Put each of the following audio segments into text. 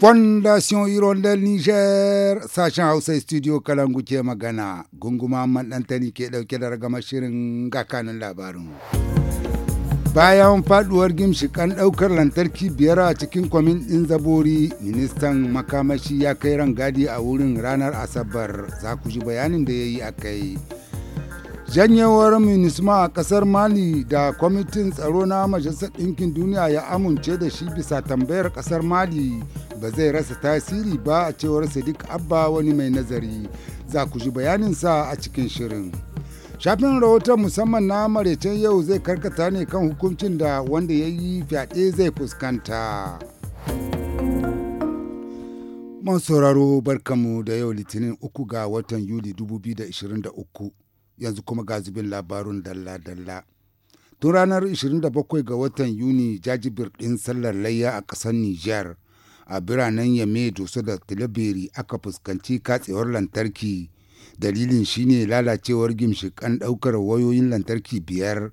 Fondation Hirondelle Niger sashen Hausa Studio Kalangu ke magana gunguma maɗantani ke ɗauke da ragamar shirin gakanin labarin. Bayan faduwar gimshikan ɗaukar lantarki biyar a cikin kwamin ɗin zabori, ministan makamashi ya kai rangadi a wurin ranar Asabar za ku ji bayanin da ya yi a kai. Janyewar minisma a ƙasar Mali da kwamitin tsaro na Majalisar Ɗinkin Duniya ya amince da shi bisa tambayar ƙasar Mali ba zai rasa tasiri ba a cewar sadiq abba wani mai nazari za ku ji bayaninsa a cikin shirin shafin rahoton musamman na maraicen yau zai karkata ne kan hukuncin da wanda ya yi fyaɗe zai fuskanta man sauraro barkamu da yau litinin uku ga watan yuli 2023 yanzu kuma ga zubin labarun dalla-dalla tun ranar 27 ga watan yuni jajibir ɗin sallar layya a ƙasar niger a biranen yame doso da tilabiri aka fuskanci katsewar lantarki dalilin shine lalacewar gimshikan ɗaukar wayoyin lantarki biyar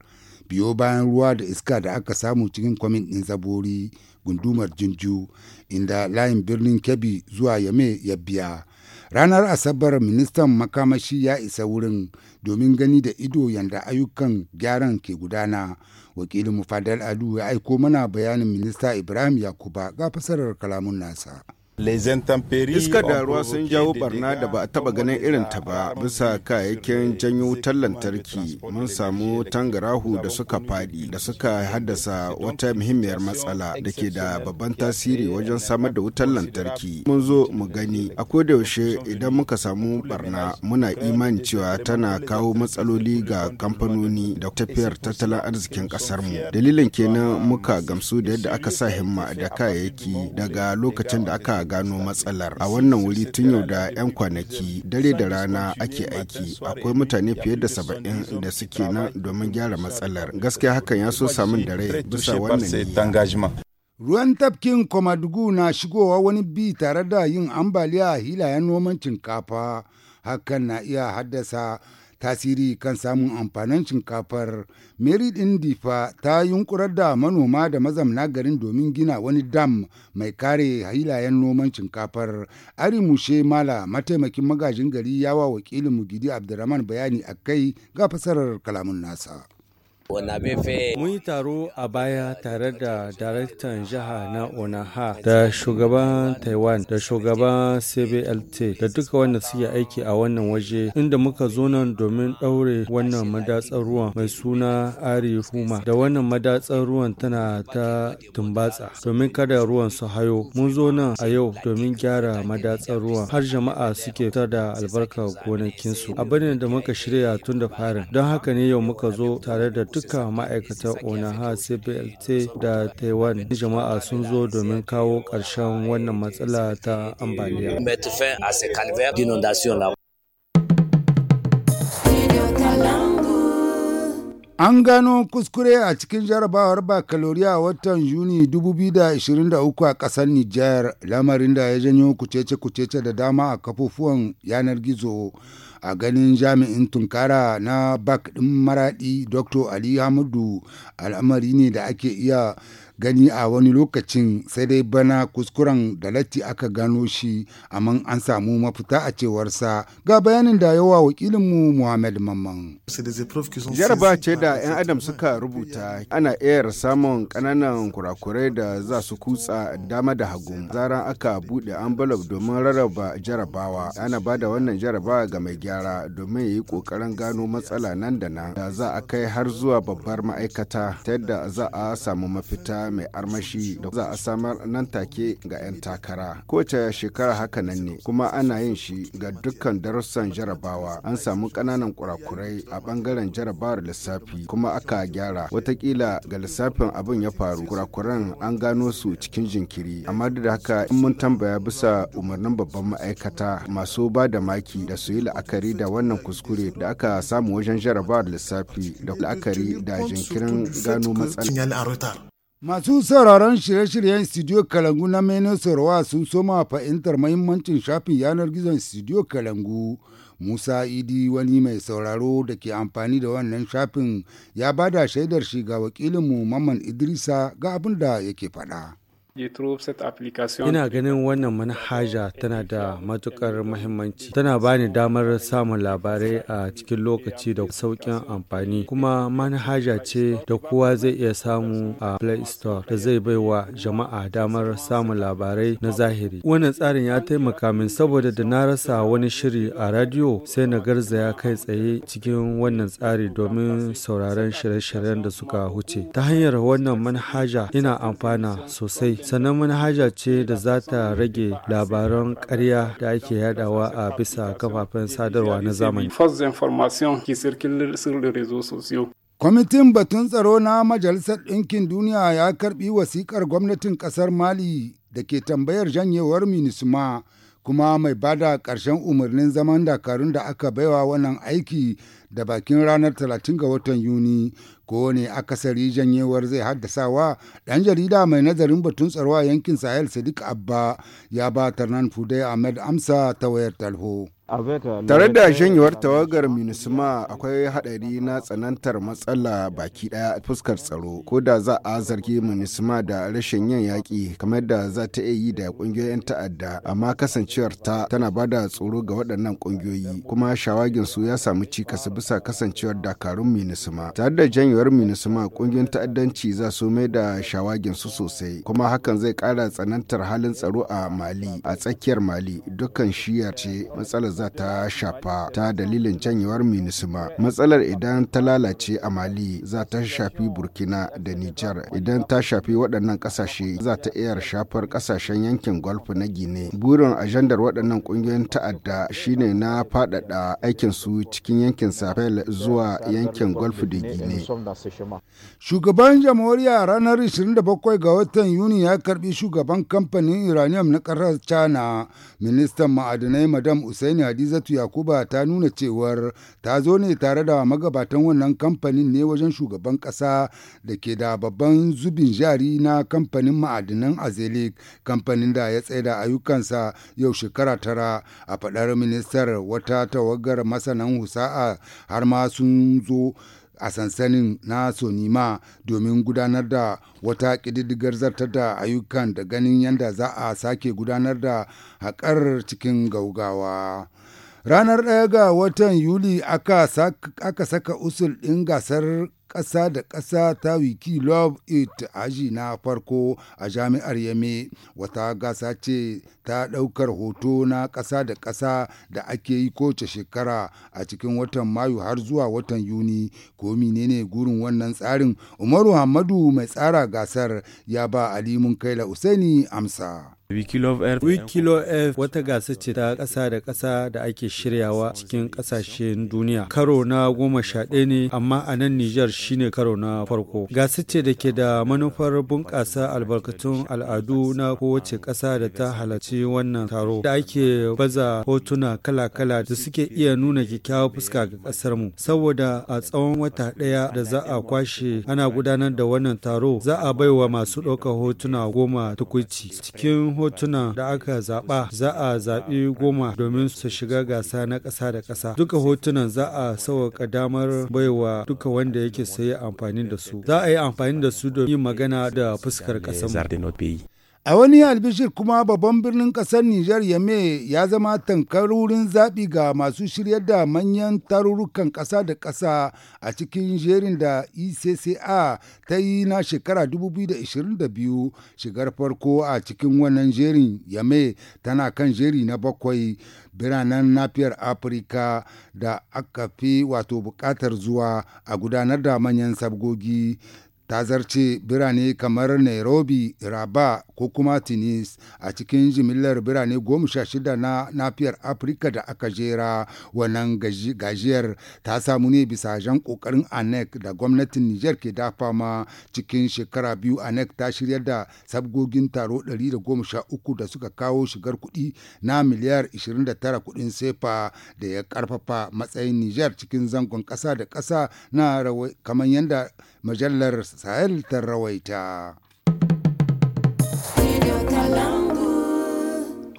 biyo bayan ruwa da iska da aka samu cikin kwamin din zabori gundumar jinju inda layin birnin kebbi zuwa yame ya biya Ranar Asabar ministan makamashi ya isa wurin domin gani da ido yanda ayyukan gyaran ke gudana. Wakilin mufadar Alu ya aiko mana bayanin minista Ibrahim Yakuba ga fasarar kalamun nasa. iska da ruwa sun jawo barna da ba a taba ganin irin ta ba bisa kayayyakin janyo wutar lantarki mun samu tangarahu da suka fadi da suka haddasa wata muhimmiyar matsala da ke da babban tasiri wajen samar da wutar lantarki. Mun zo mu gani da yaushe idan muka samu barna muna imani cewa tana kawo matsaloli ga kamfanoni da tafiyar tattalin arzikin kasar mu Dalilin kenan muka gamsu da yadda aka sa himma da kayayyaki daga lokacin da aka gano matsalar a wannan wuri tun yau da 'yan kwanaki dare da rana ake aiki akwai mutane fiye da saba'in da suke nan domin gyara matsalar gaskiya hakan ya so samun da rai bisa wannan ruwan tafkin komadugu na shigowa wani bi tare da yin ambaliya a hilayen noman cinkafa hakan na iya haddasa tasiri kan samun amfanin shinkafar mary ɗin ta yunkurar da manoma da mazamna garin domin gina wani dam mai kare hailayen noman shinkafar ari mushe mala mataimakin magajin gari yawa wakilin mugidi abdurrahman bayani akai ga fasarar kalamun nasa Mun yi taro a baya tare da daraktan jiha na Onaha da shugaban Taiwan da shugaban CBLT da duka wanda suke aiki a wannan waje inda muka zo nan domin ɗaure wannan madatsar ruwan mai suna Ari Huma da wannan madatsar ruwan tana ta tumbatsa domin kada ruwan su hayo. Mun zo nan a yau domin gyara madatsar ruwan har jama'a suke ta da albarka gonakinsu. Abin da muka shirya tun da farin don haka ne yau muka zo tare da duka ma'aikatan onaha cblt da taiwan jama'a sun zo domin kawo ƙarshen wannan matsala ta ambaliya An gano kuskure a cikin jarabawar bakaloriya a watan Yuni 2023 a ƙasar Nijar, lamarin da ya janyo kucece-kucece da dama a kafofuwan yanar gizo. a ganin jami'in tunkara na bak ɗin maraɗi dr ali hamadu al'amari ne da ake iya gani a wani lokacin sai dai bana kuskuren da latti aka gano shi amma an samu mafita a cewarsa ga bayanin da yawa wakilinmu Muhammad Mamman. Jaraba ce da 'yan adam suka rubuta ana iya samun ƙananan kurakurai da za su kutsa dama da hagu. Zaran aka buɗe envelope domin rarraba jarabawa ana ba da wannan jaraba ga mai gyara domin ya yi ƙoƙarin gano matsala nan da nan da za a kai har zuwa babbar ma'aikata ta yadda za a samu mafita mai armashi da za a samar nan take ga 'yan takara. Kowace shekara haka nan ne kuma ana yin shi ga dukkan darussan jarabawa. An samu ƙananan kurakurai a ɓangaren jarabawar lissafi kuma aka gyara. Watakila ga lissafin abin ya faru kurakuran an gano su cikin jinkiri. Amma duk da haka in mun tambaya bisa umarnin babban ma'aikata masu ba da maki da su yi la'akari da wannan kuskure da aka samu wajen jarabawar lissafi da la'akari da jinkirin gano matsala. Masu sauraron shirye-shiryen Studio Kalangu na Menosarwa sun soma fahimtar mahimmancin shafin yanar gizon Studio Kalangu. Musa Idi wani mai sauraro da ke amfani da wannan shafin ya bada shaidar shi ga wakilinmu Maman Idrisa ga abin da yake faɗa. Ina ganin wannan manhaja tana da matukar mahimmanci. Tana bani damar samun labarai a cikin lokaci da sauƙin amfani. Kuma manhaja ce da kowa zai iya samu a Play Store da zai baiwa jama'a damar samun labarai na zahiri. Wannan tsarin ya taimaka min saboda da na rasa wani shiri a radio sai na garzaya kai tsaye cikin wannan tsari domin sauraron shirye-shiryen da suka huce. Ta hanyar wannan manhaja ina amfana sosai. sannan manhaja ce da za ta rage labaran ƙarya da ake yadawa a bisa kafafen sadarwa na zamani. Kwamitin batun tsaro na Majalisar Ɗinkin Duniya ya karɓi wasiƙar gwamnatin ƙasar Mali da ke tambayar janyewar Minisma kuma mai bada ƙarshen umarnin zaman dakarun da aka baiwa wannan aiki da bakin ranar 30 ga watan Yuni ko ne akasari janyewar zai haddasawa ɗan jarida mai nazarin batun tsaro a yankin sahel sadiq abba ya ba tarnan fudai ahmed amsa ta wayar talho. Tare da shanyewar tawagar Minisma akwai haɗari na tsanantar matsala baki ɗaya fuskar tsaro ko da za a zargi Minisma da rashin yin yaƙi kamar da za ta iya yi da ƙungiyoyin ta'adda amma kasancewar ta tana ba da tsoro ga waɗannan ƙungiyoyi kuma shawagin su ya samu cikas bisa kasancewar dakarun Minisma. Tare da janyewar Minisma ƙungiyoyin ta'addanci za su mai da shawaginsu sosai kuma hakan zai ƙara tsanantar halin tsaro a Mali a tsakiyar Mali dukkan shiyar ce matsalar za ta shafa ta dalilin canyewar minisma matsalar idan ta lalace a mali za ta shafi burkina da nijar idan ta shafi waɗannan ƙasashe za ta iya shafar ƙasashen yankin golf na gine burin ajandar waɗannan ƙungiyoyin ta'adda shine na faɗaɗa aikin su cikin yankin sahel zuwa yankin golf da gine shugaban jamhuriya ranar 27 ga watan yuni ya karbi shugaban kamfanin uranium na ƙasar china ministan ma'adinai madam usaini Hadizatu Yakuba ta nuna cewar ta zo ne tare da magabatan wannan kamfanin ne wajen shugaban ƙasa da ke da babban zubin jari na kamfanin ma'adinan Azelik kamfanin da ya tsaida ayyukansa yau shekara tara a faɗar ministar wata tawagar masanan husa'a har ma sun zo a sansanin na sonima domin gudanar da wata ƙididdigar zartar da ayyukan da ganin yadda za a sake gudanar da haƙar cikin gaugawa. Ranar ɗaya ga watan Yuli aka saka, usul ɗin gasar ƙasa da ƙasa ta wiki love it aji na farko a jami'ar yame wata gasa ce ta ɗaukar hoto na ƙasa da ƙasa da ake yi kowace shekara a cikin watan mayu har zuwa watan yuni ko menene gurin wannan tsarin umaru hamadu mai tsara gasar ya ba alimun kaila usaini amsa Wikilove Earth wata gasa ce ta ƙasa da ƙasa da ake shiryawa cikin ƙasashen duniya. Karo na goma sha ɗaya ne amma a nan Nijar shine karo na farko. Gasa ce da ke da manufar bunƙasa albarkatun al'adu na kowace ƙasa da ta halarci wannan taro da ake baza hotuna kala-kala da suke iya nuna kyakkyawar fuska ga ƙasar mu. Saboda a tsawon wata ɗaya da za a kwashe ana gudanar da wannan taro za a baiwa masu ɗaukar hotuna goma tukuici cikin hotuna da aka zaba za a zaɓi goma domin su shiga gasa na ƙasa da ƙasa. Duka hotunan za a sauƙa damar baiwa duka wanda yake saye amfani da su. Za a yi amfani da su domin yin magana da fuskar ƙasar. A wani albishir kuma babban birnin ƙasar Nijar Yame ya zama tankar wurin zaɓi ga masu shirya da manyan tarurrukan ƙasa da ƙasa a cikin jerin da ECCA ta yi na shekara 2022 shigar farko a cikin wannan jerin Yame tana kan jeri na bakwai biranen nafiyar Afirka da aka fi wato buƙatar zuwa a gudanar da manyan sabgogi ta zarce birane kamar nairobi raba ko kuma tunis a cikin jimillar birane goma sha shida na nafiyar afirka da aka jera wannan gajiyar ta samu ne bisa jan kokarin anec da gwamnatin niger ke dafa ma cikin shekara biyu anec ta shirya da sabgogin taro 113 da suka kawo shigar kudi na miliyar 29 kudin sefa da ya karfafa matsayin niger cikin zangon kasa da kasa na kamar yadda مجلر سالت الرويتا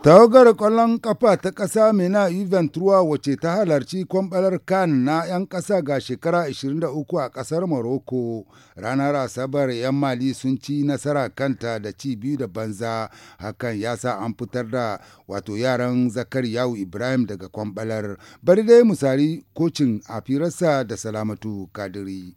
tawagar kwallon kafa ta ƙasa mena ruwa wace ta halarci kwambalar kan na 'yan ƙasa ga shekara 23 a ƙasar Morocco ranar asabar 'yan mali sun ci nasara kanta da ci biyu da banza hakan ya sa an fitar da wato yaran zakar yawu ibrahim daga kwambalar bari dai misali kocin a firarsa da salamatu kadiri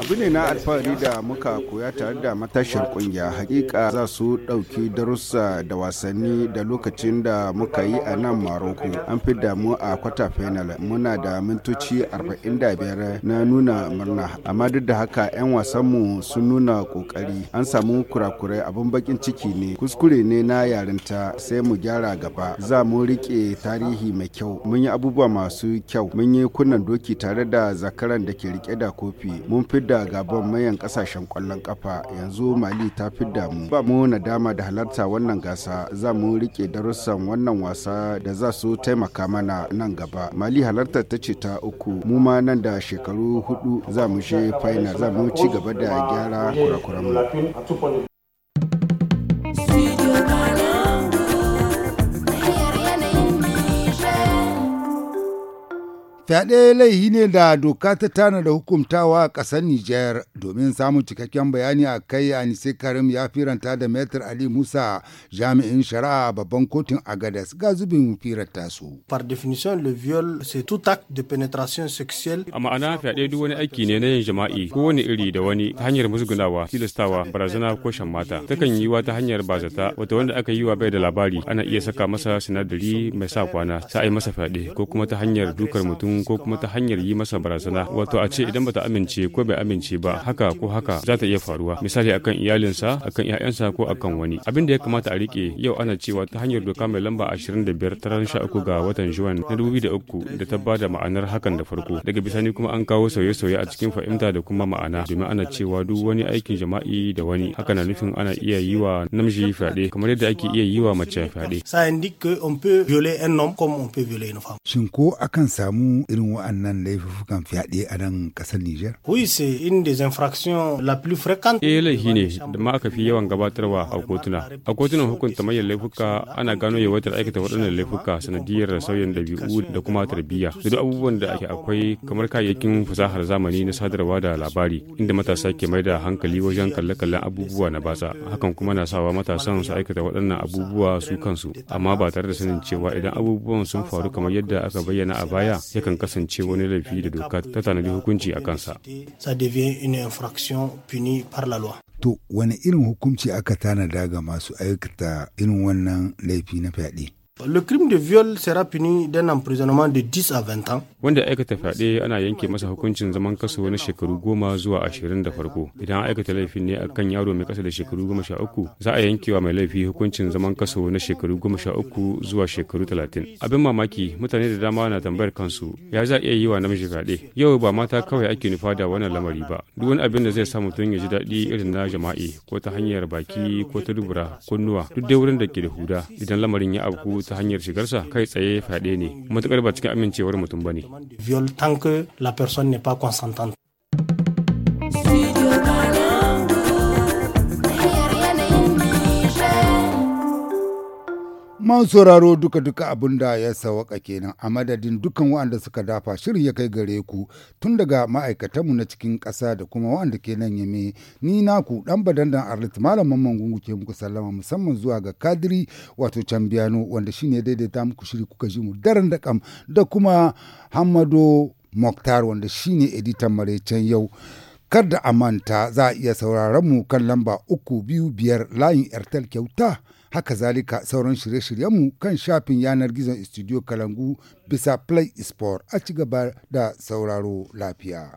abu ne na alfahari da muka koya tare da matashin kungiya hakika za su ɗauki darussa da wasanni da lokacin da muka yi a nan maroko an fi damu a kwata final muna da mintoci 45 na nuna murna amma duk da haka 'yan wasanmu sun nuna kokari an samu kurakurai abin bakin ciki ne kuskure ne na yarinta sai mu gyara gaba za mu rike tarihi mai kyau mun yi abubuwa masu kyau mun yi kunnan doki tare da zakaran da ke rike da kofi mun fidda gaban mayan kasashen kwallon kafa yanzu mali ta fidda mu ba mu nadama da halarta wannan gasa za mu rike darussan wannan wasa da za su taimaka mana nan gaba mali halartar ta ce ta uku mu ma nan da shekaru hudu za mu je final za mu ci gaba da gyara mu. Fyaɗe laihi ne da doka ta tana da hukumtawa a ƙasar Nijar domin samun cikakken bayani a kai Anise Karim ya firanta da Metir Ali Musa jami'in shari'a babban kotun Agadas ga zubin firanta su. Par definition le viol c'est tout acte de pénétration sexuelle. A ma'ana fyaɗe duk wani aiki ne na yin jama'i wani iri da wani ta hanyar musgunawa, tilastawa, barazana ko shan mata. Takan yi wa ta hanyar bazata wata wanda aka yi wa bai da labari ana iya saka masa sinadari mai sa kwana sai masa fyaɗe ko kuma ta hanyar dukar mutum ko kuma ta hanyar yi masa barazana wato a ce idan bata amince ko bai amince ba haka ko haka za ta iya faruwa misali akan iyalinsa akan 'ya'yansa ko akan wani abin da ya kamata a rike yau ana cewa ta hanyar doka mai lamba 25 ta ranar 13 ga watan juwan na 2003 da ta ba da ma'anar hakan da farko daga bisani kuma an kawo sauye-sauye a cikin fahimta da kuma ma'ana domin ana cewa duk wani aikin jama'i da wani haka na nufin ana iya yi wa namiji fyaɗe kamar yadda ake iya yi wa mace fyaɗe. Shin ko akan samu irin wa'annan laifukan fyaɗe a nan ƙasar Nijar? Oui, c'est une des infractions la plus fréquente. Eh laifi ne da ma aka fi yawan gabatarwa a kotuna. A kotunan hukunta manyan laifuka ana gano yawaitar aikata waɗannan laifuka sanadiyar sauyin ɗabi'u da kuma tarbiyya. Da duk abubuwan da ake akwai kamar kayayyakin fasahar zamani na sadarwa da labari inda matasa ke mai da hankali wajen kalle-kallen abubuwa na basa. Hakan kuma na sawa matasan su aikata waɗannan abubuwa su kansu amma ba tare da sanin cewa idan abubuwan sun faru kamar yadda aka bayyana a baya yakan kasance wani laifi da doka ta tanadi hukunci a kansa. To, wani irin hukunci aka tanada ga masu aikata irin wannan laifi na fyaɗe? Le crime de viol sera puni d'un emprisonnement de 10 à 20 ans. Wanda aikata fyaɗe ana yanke masa hukuncin zaman kaso na shekaru goma zuwa ashirin da farko. Idan aikata laifin ne akan yaro mai kasa da shekaru goma sha uku, za a yanke wa mai laifi hukuncin zaman kaso na shekaru goma sha uku zuwa shekaru talatin. Abin mamaki mutane da dama na tambayar kansu ya za iya yi wa namiji fyaɗe. Yau ba mata kawai ake nufa da wannan lamari ba. Duk wani abin da zai sa mutum ya ji daɗi irin na jama'i ko ta hanyar baki ko ta dubura kunnuwa duk dai wurin da ke da huda idan lamarin ya abu ta hanyar shigarsa kai tsaye fyaɗe ne matuƙar ba cikin amincewar mutum ba ne. Man sauraro duka-duka abin da ya sawaka kenan a madadin dukan waɗanda suka dafa shirin ya kai gare ku tun daga ma'aikatanmu na cikin ƙasa da kuma waɗanda ke nan yame ni naku ɗan badandan Arlit Malam Mamman Gungu ke muku sallama musamman zuwa ga Kadiri wato Cambiano wanda shine daidaita muku shiri kuka ji mu daren da kam da kuma Hamado Moktar wanda shine editan maraicen yau. Kada a manta za a iya sauraron mu kan lamba uku biyu biyar layin Airtel kyauta haka zalika sauran shirye-shiryenmu kan shafin yanar gizon studio kalangu bisa play sport a ci gaba da sauraro lafiya.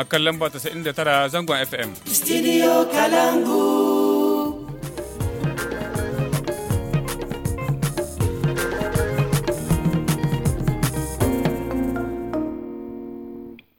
a kan lamba 99 zangon FM. Studio Kalangu.